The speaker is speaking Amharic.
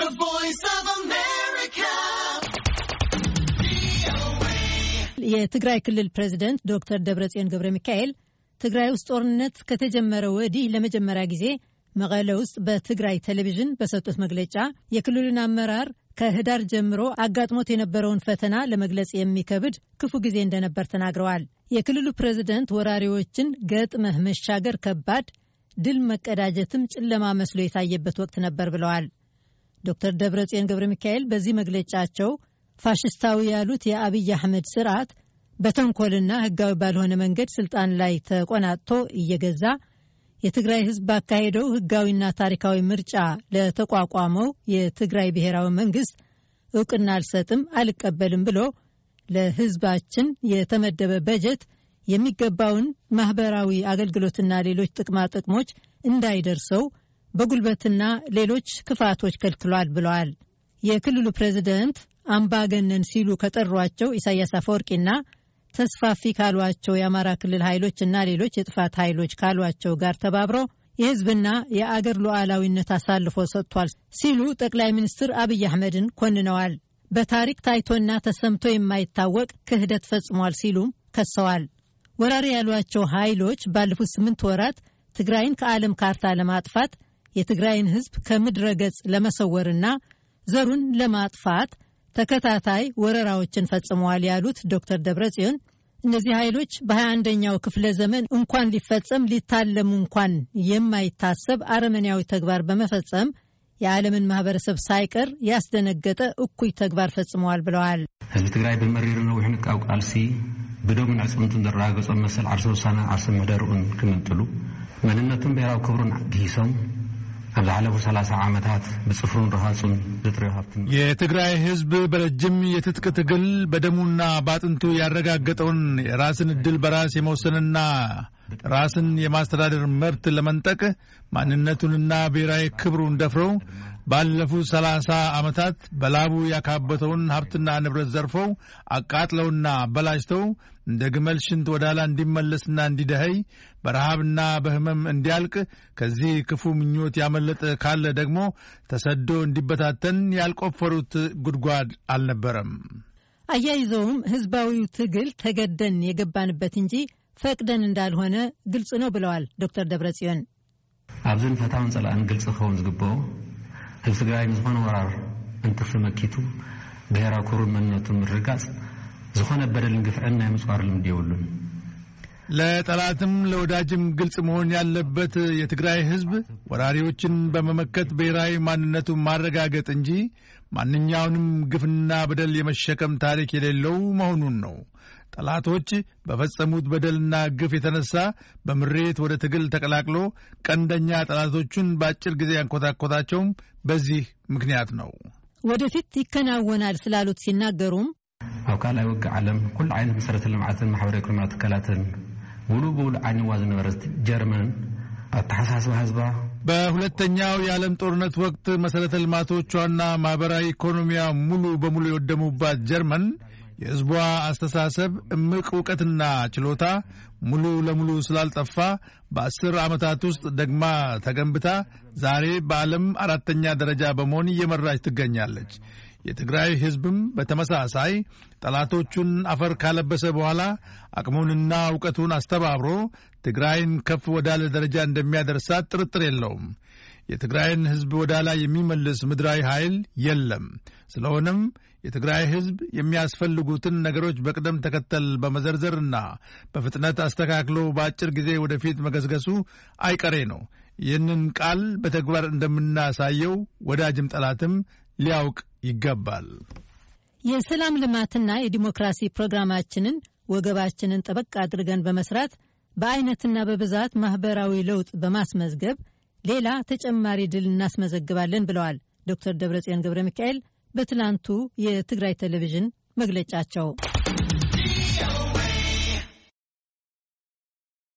The Voice of America. የትግራይ ክልል ፕሬዚደንት ዶክተር ደብረጽዮን ገብረ ሚካኤል ትግራይ ውስጥ ጦርነት ከተጀመረ ወዲህ ለመጀመሪያ ጊዜ መቀለ ውስጥ በትግራይ ቴሌቪዥን በሰጡት መግለጫ የክልሉን አመራር ከህዳር ጀምሮ አጋጥሞት የነበረውን ፈተና ለመግለጽ የሚከብድ ክፉ ጊዜ እንደነበር ተናግረዋል። የክልሉ ፕሬዚደንት ወራሪዎችን ገጥመህ መሻገር ከባድ፣ ድል መቀዳጀትም ጨለማ መስሎ የታየበት ወቅት ነበር ብለዋል። ዶክተር ደብረጽዮን ገብረ ሚካኤል በዚህ መግለጫቸው ፋሽስታዊ ያሉት የአብይ አህመድ ስርዓት በተንኮልና ህጋዊ ባልሆነ መንገድ ስልጣን ላይ ተቆናጥቶ እየገዛ የትግራይ ህዝብ ባካሄደው ህጋዊና ታሪካዊ ምርጫ ለተቋቋመው የትግራይ ብሔራዊ መንግስት እውቅና አልሰጥም፣ አልቀበልም ብሎ ለህዝባችን የተመደበ በጀት የሚገባውን ማህበራዊ አገልግሎትና ሌሎች ጥቅማ ጥቅሞች እንዳይደርሰው በጉልበትና ሌሎች ክፋቶች ከልክሏል ብለዋል። የክልሉ ፕሬዚደንት አምባገነን ሲሉ ከጠሯቸው ኢሳያስ አፈወርቂና ተስፋፊ ካሏቸው የአማራ ክልል ኃይሎችና ሌሎች የጥፋት ኃይሎች ካሏቸው ጋር ተባብሮ የህዝብና የአገር ሉዓላዊነት አሳልፎ ሰጥቷል ሲሉ ጠቅላይ ሚኒስትር አብይ አህመድን ኮንነዋል። በታሪክ ታይቶና ተሰምቶ የማይታወቅ ክህደት ፈጽሟል ሲሉም ከሰዋል። ወራሪ ያሏቸው ኃይሎች ባለፉት ስምንት ወራት ትግራይን ከዓለም ካርታ ለማጥፋት የትግራይን ህዝብ ከምድረ ገጽ ለመሰወርና ዘሩን ለማጥፋት ተከታታይ ወረራዎችን ፈጽመዋል ያሉት ዶክተር ደብረጽዮን እነዚህ ኃይሎች በ21ኛው ክፍለ ዘመን እንኳን ሊፈጸም ሊታለሙ እንኳን የማይታሰብ አረመኔያዊ ተግባር በመፈጸም የዓለምን ማህበረሰብ ሳይቀር ያስደነገጠ እኩይ ተግባር ፈጽመዋል ብለዋል። ህዝቢ ትግራይ ብመሪር ነዊሕን ቃብ ቃልሲ ብደሙን ዕፅምቱን ዘረጋገፆም መሰል ዓርሰ ውሳነ ዓርሰ ምሕደርኡን ክምንጥሉ መንነቱን ብሔራዊ ክብሩን ግሂሶም ኣብ ዝሓለፉ 30 ዓመታት ብፅፍሩን ረሃፁን ዝትሪዮ ሃብትን የትግራይ ህዝብ በረጅም የትጥቅ ትግል በደሙና ባጥንቱ ያረጋገጠውን የራስን እድል በራስ የመወሰንና ራስን የማስተዳደር መብት ለመንጠቅ ማንነቱንና ብሔራዊ ክብሩን ደፍረው ባለፉት ሰላሳ ዓመታት በላቡ ያካበተውን ሀብትና ንብረት ዘርፈው አቃጥለውና በላጅተው እንደ ግመል ሽንት ወዳላ እንዲመለስና እንዲደኸይ በረሃብና በሕመም እንዲያልቅ ከዚህ ክፉ ምኞት ያመለጠ ካለ ደግሞ ተሰዶ እንዲበታተን ያልቆፈሩት ጉድጓድ አልነበረም። አያይዘውም ሕዝባዊው ትግል ተገደን የገባንበት እንጂ ፈቅደን እንዳልሆነ ግልጽ ነው ብለዋል ዶክተር ደብረጽዮን። ኣብዘን ፈታውን ፀላእን ግልፂ ክኸውን ዝግብኦ ህዝቢ ትግራይ ንዝኾነ ወራር እንትፍ መኪቱ ብሔራዊ ክሩን መንነቱ ምርጋፅ ዝኾነ በደልን ግፍዕን ናይ ምፅዋር ልምዲ የብሉን። ለጠላትም ለወዳጅም ግልጽ መሆን ያለበት የትግራይ ህዝብ ወራሪዎችን በመመከት ብሔራዊ ማንነቱ ማረጋገጥ እንጂ ማንኛውንም ግፍና በደል የመሸከም ታሪክ የሌለው መሆኑን ነው። ጠላቶች በፈጸሙት በደልና ግፍ የተነሳ በምሬት ወደ ትግል ተቀላቅሎ ቀንደኛ ጠላቶቹን በአጭር ጊዜ ያንኮታኮታቸውም በዚህ ምክንያት ነው። ወደፊት ይከናወናል ስላሉት ሲናገሩም ኣብ ካልኣይ ወግ ዓለም ኩሉ ዓይነት መሰረተ ልምዓትን ማሕበረ ኢኮኖሚያዊ ትካላትን ሙሉ ብሙሉ ዓኒዋ ዝነበረት ጀርመን ኣተሓሳስባ ህዝባ በሁለተኛው የዓለም ጦርነት ወቅት መሠረተ ልማቶቿና ማኅበራዊ ኢኮኖሚያ ሙሉ በሙሉ የወደሙባት ጀርመን የሕዝቧ አስተሳሰብ፣ እምቅ እውቀትና ችሎታ ሙሉ ለሙሉ ስላልጠፋ በአስር ዓመታት ውስጥ ደግማ ተገንብታ ዛሬ በዓለም አራተኛ ደረጃ በመሆን እየመራች ትገኛለች። የትግራይ ህዝብም በተመሳሳይ ጠላቶቹን አፈር ካለበሰ በኋላ አቅሙንና እውቀቱን አስተባብሮ ትግራይን ከፍ ወዳለ ደረጃ እንደሚያደርሳት ጥርጥር የለውም። የትግራይን ህዝብ ወደ ላይ የሚመልስ ምድራዊ ኃይል የለም። ስለሆነም የትግራይ ህዝብ የሚያስፈልጉትን ነገሮች በቅደም ተከተል በመዘርዘርና በፍጥነት አስተካክሎ በአጭር ጊዜ ወደፊት መገስገሱ አይቀሬ ነው። ይህንን ቃል በተግባር እንደምናሳየው ወዳጅም ጠላትም ሊያውቅ ይገባል። የሰላም ልማትና የዲሞክራሲ ፕሮግራማችንን ወገባችንን ጠበቅ አድርገን በመስራት በአይነትና በብዛት ማህበራዊ ለውጥ በማስመዝገብ ሌላ ተጨማሪ ድል እናስመዘግባለን ብለዋል ዶክተር ደብረጽዮን ገብረ ሚካኤል በትላንቱ የትግራይ ቴሌቪዥን መግለጫቸው።